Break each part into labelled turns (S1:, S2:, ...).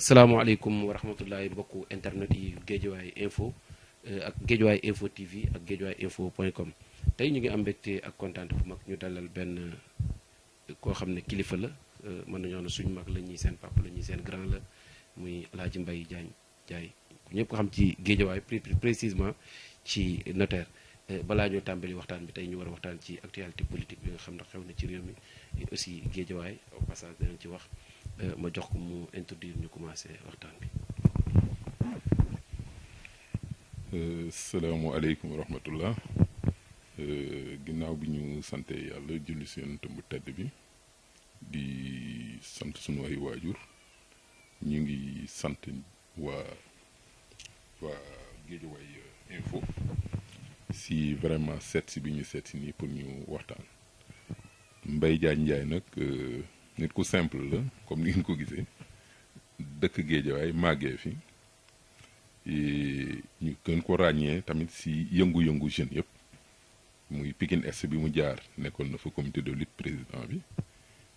S1: salaamaaleykum wa rahmatullahi mbokk internet yi Géejawaay info euh, ak Géejawaay info TV ak Géejawaay info point com tey ñu ngi am mbégte ak kontaan bu mag ñu dalal benn euh, koo xam ne kilifa la euh, mën nañoo ne suñu mag la ñuy seen papa la ñuy seen grand la muy El Hadj Mbaye Diagne Ndiaye ñëpp ko xam ci Géejawaay précisément ci notaire balaa ñoo tàmbali waxtaan bi tey ñu war a waxtaan ci actualité politique bi nga xam ne xew na ci réew mi aussi Géejawaay au passage dinañ ci wax. Euh, ma jox ko mu introduire ñu commencé waxtaan bi.
S2: Euh, salaamualeykum wa rahmatullah euh, ginnaaw bi ñu sante yàlla julli seen tëmb tëdd bi di sant sunu ay waajur ñu ngi sant waa waa Géejawaay info si vraiment seet bi ñu seet nii pour ñu waxtaan mbay Diagne Ndiaye nag. nit simple comme ni ko d'accueillir dëkk fi ñu ko tamit si yëngu-yëngu jeune yëpp muy Est bi mu jaar na comité de lutte président bi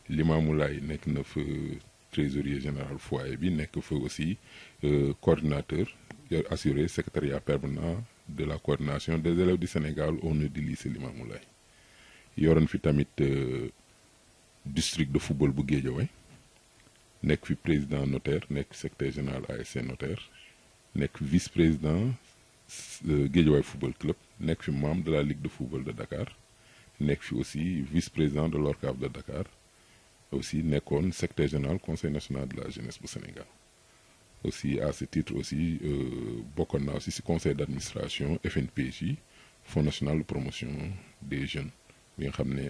S2: Limamou neuf na trésorier général foyer bi aussi euh, coordinateur assuré secrétariat permanent de la coordination des élèves du Sénégal au nom de avons Limamou Laye fi tamit. Euh, district de football bu Guédiawaye fi président notaire nek secrétaire général ASN notaire nek vice président euh, football club nek fi membre de la ligue de football de Dakar nek fi aussi vice président de l'Orcaf de Dakar aussi nekone secrétaire général conseil national de la jeunesse du Sénégal aussi à ce titre aussi euh, beaucoup aussi conseil d'administration FNPJ Fonds national de promotion des jeunes Bien xamné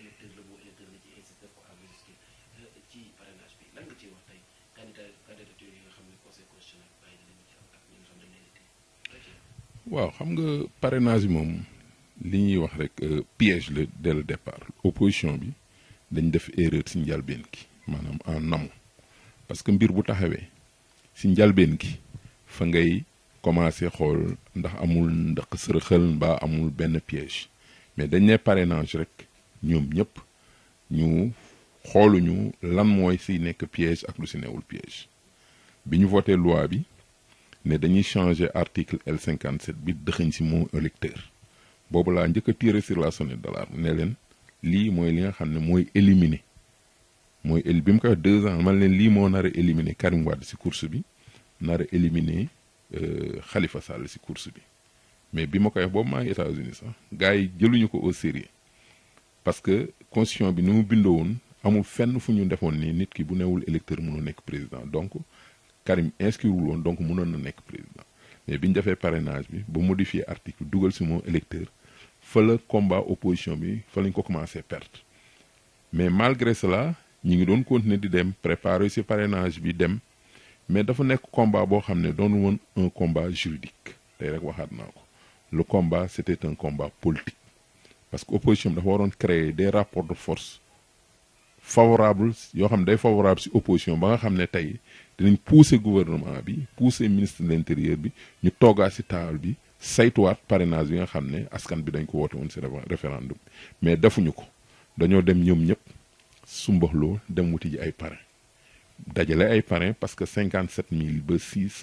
S1: électeur la boo électeur la ci insiste def ko enregistré ci parrainage bi lan nga ci wax tay candidat candidature yi nga xam ne conseil constitutionnel bàyyi na leen ci am ak ñi nga xam ne
S2: dañ leen waaw xam nga parrainage bi moom li ñuy wax rek euh, piège la dès le départ opposition bi dañ def erreur si njalbeen ki maanaam en amont parce que mbir bu taxawee si njalbeen ki fa ngay commencé xool ndax amul ndax sërëxal mbaa amul benn piège mais dañ ne parrainage rek ñoom ñëpp ñu xooluñu lan mooy si nekk piège ak lu si newul piège bi voté loi bi ne dañuy changer article L57 bi dëxëñ si avons électeur boobu laa sur la sonnette d'alarme ne leen lii mooy li nga ne mooy deux ans mal leen lii moo nar Karim Wade si course bi euh, Khalifa Sall si course bi mais bi koy wax boobu États-Unis ko au sérieux parce que constitution bi ni mu bindoo amul fenn fu ñu defoon nii nit ki bu newul électeur mënoo nek président donc Karim inscriwul woon donc mënoon na nekk président mais bi défé parrainage bi bu modifier article dougal ci moom électeur fa le combat opposition bi fa lañ ko commencer perte mais malgré cela ñi ngi doon continuer di dem préparer si parrainage bi dem mais dafa nek combat bo xamné doon won un combat juridique day rek waxat nako le combat c'était un combat politique parce que opposition bi dafa waroon créer des rapports de force favorables, yo xam day favorable ci opposition ba nga xamné tay dinañ pousser gouvernement bi pousser ministre de l'intérieur bi ñu toga ci table bi saytuwaat parrainage bi nga xamné askan bi dañ ko woote woon si référendum mais dafuñu ko daño dem ñoom ñëpp sumbaxloo dem wuti ji ay parrain dajalé ay parrain parce que 57000 ba six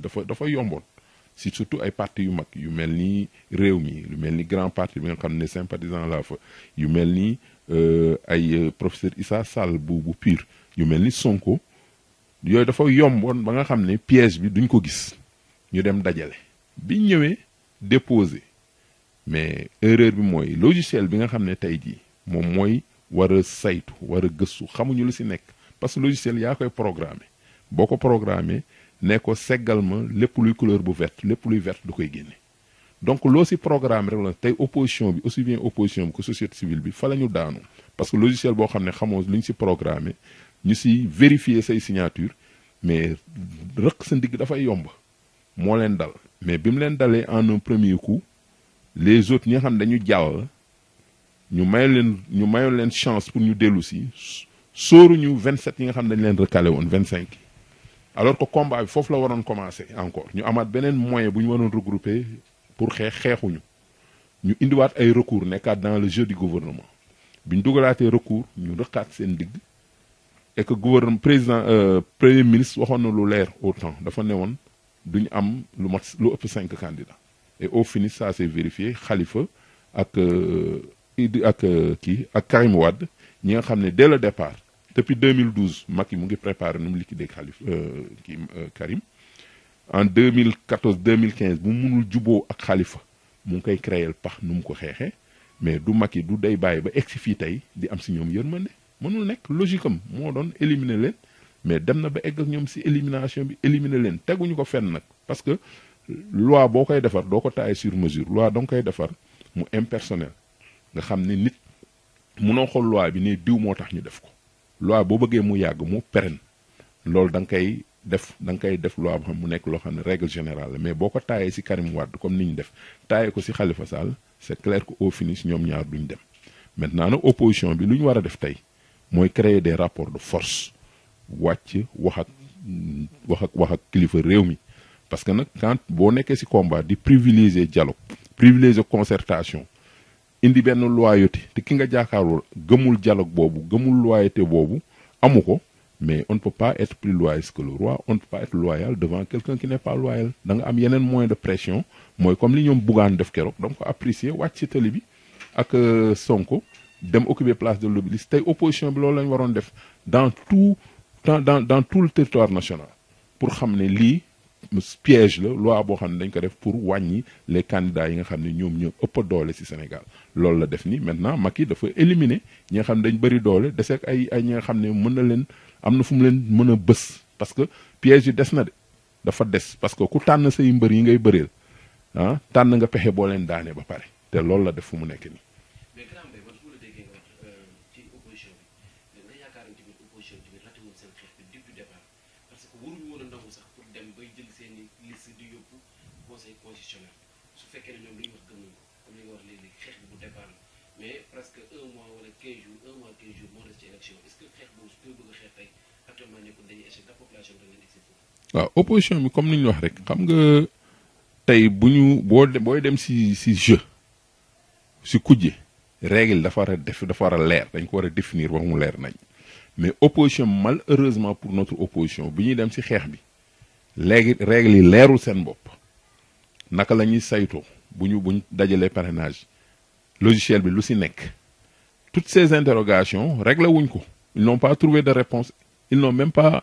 S2: dafa dafa yomboon si surtout ay parti yu mag yu mel ni réew mi grand parti bi nga xam ne sympathisant laa fa yu mel ni euh, ay euh, professeur Issa Sall bu bu pur yu mel Sonko yooyu dafa yomboon ba nga xam ne piège bi duñ ko gis ñu dem dajale biñ ñëwee déposé mais erreur bi mooy logiciel bi nga xam ne tey jii moom mooy war a saytu war a gëstu xamuñu lu si nekk parce que logiciel yaa koy programmé Boko ko ne ko seggal ma luy couleur bu verte lepp luy vert du koy génne donc lo si programme rek la tay opposition bi aussi bien opposition que société civile bi fa lañu daanu parce que logiciel bo xamné ne xamoo lu ñu si programmé ñu si vérifier say signature mais rek sa da fay yomb mo leen dal mais bim mu leen en un premier coup les autres ñi nga xam dañu jàll ñu mayoon leen ñu mayoon leen chance pour ñu ci si ñu 27 yi nga xam dañ leen recalé won 25 alors que combat il faut la waroon commencer encore ñu avons beneen moyen bu nous regrouper pour nous. xeexuñu ñu indiwaat ay recours dans le jeu du gouvernement bi ñu dugalaatee recours ñu rëqaat seen digg et que gouvernement président euh, premier ministre waxoon na lu leer autant dafa ne duñ am lu mat lu cinq candidats et au final, ça s'est vérifié Khalifa ak qui, euh, euh, ak Karim wad ñi nga xam dès le départ depuis 2012 Macky mu ngi préparé nu mu liquider Khalif qui euh, euh, Karim en 2014 2015 bu munul juboo ak Khalifa mon ngi koy créer pax nous mu ko mais du ma du day bàyyi ba egg si fii tey di am si ñoom yërmande mënul nekk logique on moo éliminer leen mais dem na ba egg si élimination bi éliminer leen teguñu ko fenn nag parce que loi boo koy defar doo ko taay sur mesure loi donc koy defar mu impersonnel nga xam ne nit munoo xool loi bi ne diw moo ñu def loi bo beugé mu yag mu pérenne loolu dang kay def dang kay def loi boo xam nekk lo xam règle générale mais boko tayé taayee si Karim Wad comme ni def tayé ko si Khalifa Sall c'est clair que au finish ñom ñaar duñ dem maintenant nag opposition bi luñ wara def tay moy créer des rapports de force wacc wax ak wax ak wax ak kilifa mi parce que nak quand bo que si combat di privilégier dialogue privilégier concertation indi ben loyauté te ki nga jaakaarul gemul dialogue bobu gemul loyauté bobu, amuko mais on ne peut pas être plus loyal que le roi on ne peut pas être loyal devant quelqu'un qui n'est pas loyal da nga am yenen moyen de pression moy comme li ñom de def kéro donc apprécier wacc ci tali bi ak euh, Sonko dem occuper place de l'Obélisque opposition bi la waron def dans tout dans dans tout le territoire national pour xamné li piège la loi bo xam dañ ko def pour wañi les candidats yi nga xam ñom ñu ñoo ëpp doole ci Sénégal loolu la def ni maintenant Macky dafa éliminer ñi nga xam dañ bari doole deseeg ay ay ñi nga xam mëna leen amna fu mu leen mëna bëss parce que piège yi des na de dafa dess parce que ku tan say mbeur yi ngay bëreel ah tan nga pexé bo leen daané ba paré té loolu la def fu mu nekk nii. waaw opposition bi comme ni ñu wax rek xam nga tey bu ñu boo booy dem si si jeu si kujje règle dafa war a def dafa war a dañ ko war définir wax mu leer nañ mais opposition malheureusement pour notre opposition bi ñuy dem si xeex bi léegi règle yi leerul seen bopp naka la ñuy saytoo bu ñu bu ñu dajalee parrainage logiciel bi lu si nekk toutes ces interrogations réglé wuñ ko ils n'ont pas trouvé de réponse ils n'ont même pas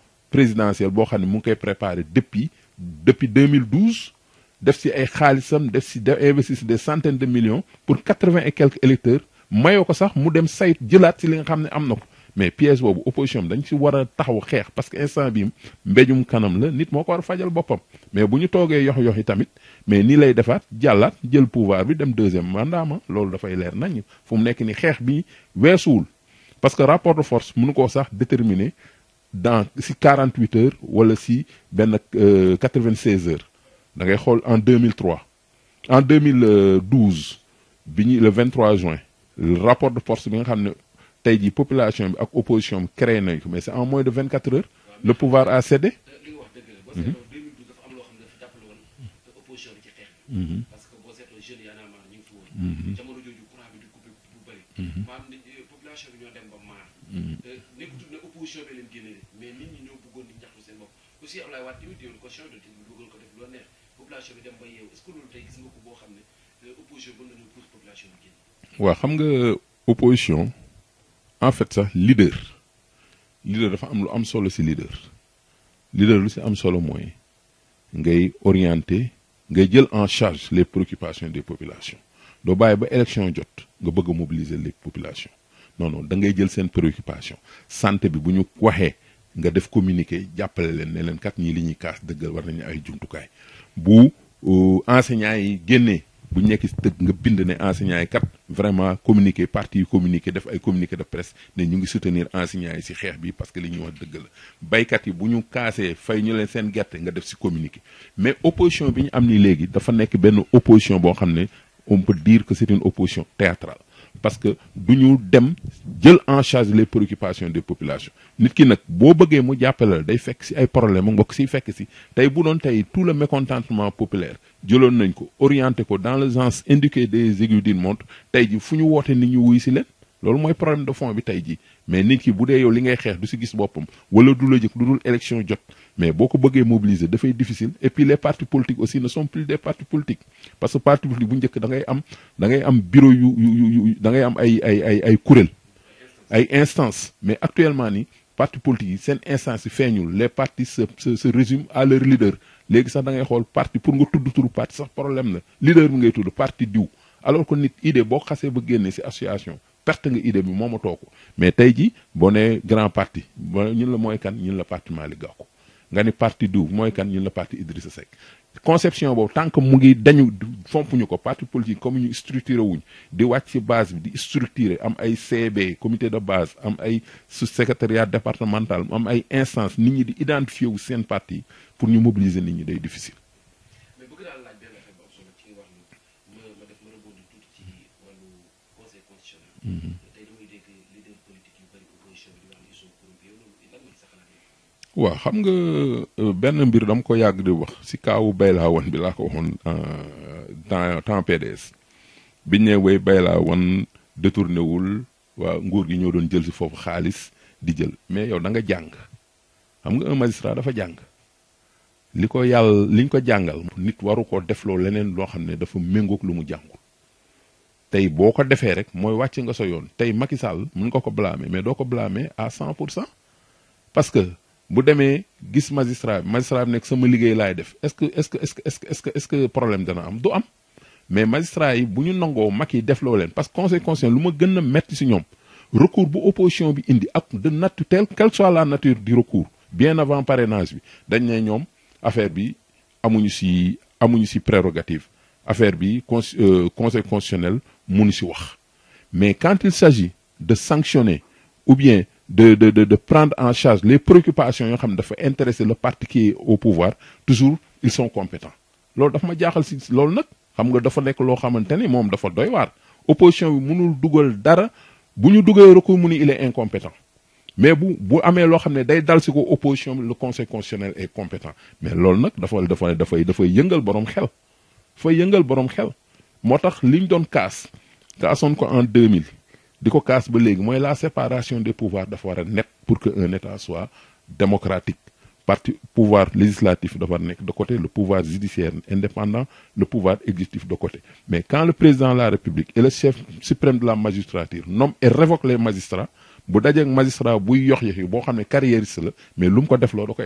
S2: présidentielle bo xam ne mu ngi préparé depuis depuis 2012 def ci ay xaalisam def ci def investir des centaines de millions pour 80 et quelques électeurs mayo ko sax mu dem sayt jëlaat ci li nga xam ne am na mais pièce bobu opposition dañ ci wara taxaw xex parce que instant bi mbéjum kanam la nit moko ko war fajal bopam mais buñu togué toogee yox yoxi tamit mais ni lay defat jàllaat jël pouvoir bi dem deuxième mandama lolou da fay lèr nañ fu nek ni xex bi wessoul parce que rapport de force mënu ko sax déterminer dans si 48 heures ou si 96 euh, heures en 2003 en 2012 le 23 juin le rapport de force bi nga xam ne population et ak opposition créé mais c'est en moins de 24 heures le pouvoir a cédé. en 2012, mhm. parce que boo seetloo jeunes yaa naa maar
S1: ñu ngi fi woon. Mhm. jamono jooju courant bi di coupé bu bëri. maanaam mhm. population bi dem ba bu soobee leen génne mais nit ñi ñoo bëggoon di ñaxtu seen bopp aussi Ablaye Wade tamit yoon ko chef de tenue bëggoon ko def loo neex population bi dem ba yew est-ce que loolu tey gis nga ko bo xam euh, opposition ba ñu ñëw pour
S2: population bi génn. wa xam nga opposition en fait sax leader leader dafa am lu am solo ci leader leader lu ci am solo mooy ngay orienter ngay jël en charge les préoccupations des populations do baye ba élection jot nga bëgg mobiliser les populations non non da ngay jël sen préoccupation santé bi buñu waxé nga def communiquer. jappalé leen né leen kat ñi li ñuy kaas dëggal war nañu ay jumtukaay bu euh, enseignant yi génné bu nekk deug nga bind né enseignant yi kat vraiment communiquer, parti communiquer, def ay communiqué de presse né ñu ngi soutenir enseignant yi si xeex bi parce que liñu ñuy wax dëgg la baykat yi buñu ñu fay ñu leen seen gerte nga def ci communiquer mais opposition biñu amni am ni léegi dafa nekk benn opposition bo xamné on peut dire que c'est une opposition théâtrale parce que du ñu dem jël en charge les préoccupations des populations nit ki nag boo bëggee mu jàppale day fekk si ay problème mu mbokk siy fekk si tey bu doon tey tout le mécontentement populaire jëloon nañ ko orienté ko dans le sens indiqué des aiguilles d'une montre tey ji fu ñu woote nit ñu wuy si leen loolu un problème de fond bi tay ji mais nit ki boudé yow li ngay xeex du ci gis boppam wala du la jëkk lu dul élection jot mais boko bëggé mobiliser mobiliser fay difficile et puis les partis politiques aussi ne sont plus des partis politiques parce que parti politique bu ñëk da ngay am da ngay am bureau yu yu da ngay am ay ay ay ay ay instance mais actuellement ni parti politique sen instance yi les partis se se résument à leur leader légui sax da ngay xol parti pour nga tudd turu parti sax problème la leader sont ngay tudd parti diw alors que nit idée boo xasse ba génnee associations. association perte nga idée bi moma ko mais tey ji boo grand parti ñun la moy kan ñun la parti mali gako nga ni parti du moy kan ñun la parti Idrissa Seck conception boobu tant que mu ngi dañu fomp ñu ko parti politique comme ñu structuré wuñ di wacc ci base bi di structuré am ay CB comité de base am ay sous secrétariat départemental am ay instance nit ñi di identifier wu seen parti pour ñu mobiliser nit ñi day difficile wa xam nga euh, benn mbir dam ko yàgg di wax si kaawu baylaa wan bi laa ko waxoon euh, temps temps PDS bi ne way baylaa wan détourné wul waa nguur gi ñoo doon jël si foofu xaalis di jël mais yow da nga jàng xam nga un magistrat dafa jàng li ko yàlla liñ ko jàngal nit waru ko defloo leneen loo xam ne dafa méngoog lu mu jàngul tey boo ko defee rek mooy wàcc nga sa yoon tey Macky Sall mun nga ko blâmer mais doo ko blâmer à 100% parce que bu demee gis magistrat bi magistrat bi nekk sama liggéey laay def est-ce que est-ce que est-ce que est-ce que est-ce que problème dana am du am mais magistrat yi bu ñu nangoo yi def loo leen parce que conseil constitutionnel lu ma gën a metti si ñoom recours bu opposition bi indi ak de nature telle quelle soit la nature du recours bien avant parrainage bi dañ ne ñoom affaire bi amuñu si amuñu si prérogative affaire bi euh, conseil constitutionnel mënu si wax mais quand il s'agit de sanctionner ou bien de de de de prendre en charge les préoccupations yoo xam dafa intéresser le parti qui au pouvoir toujours ils sont compétents lors dafa ma si l'on nag xam nga dafa nekk loo xamante ni moom dafa doy waar opposition bi mënul dugal dara bu ñu dugalee recours il est incompétent mais bu bu amee loo xam ne day dal si ko opposition le conseil constitutionnel est compétent mais loolu nag dafa dafa dafay dafay yëngal borom xel dafay yëngal borom xel moo tax liñ doon kaas en 2000 la séparation des pouvoirs doit être pour que état soit démocratique parti pouvoir législatif doit nekk de côté le pouvoir judiciaire indépendant le pouvoir exécutif de côté mais quand le président de la république et le chef suprême de la magistrature nomme et révoque les magistrats si vous magistrat buy yox yox une mais lu ko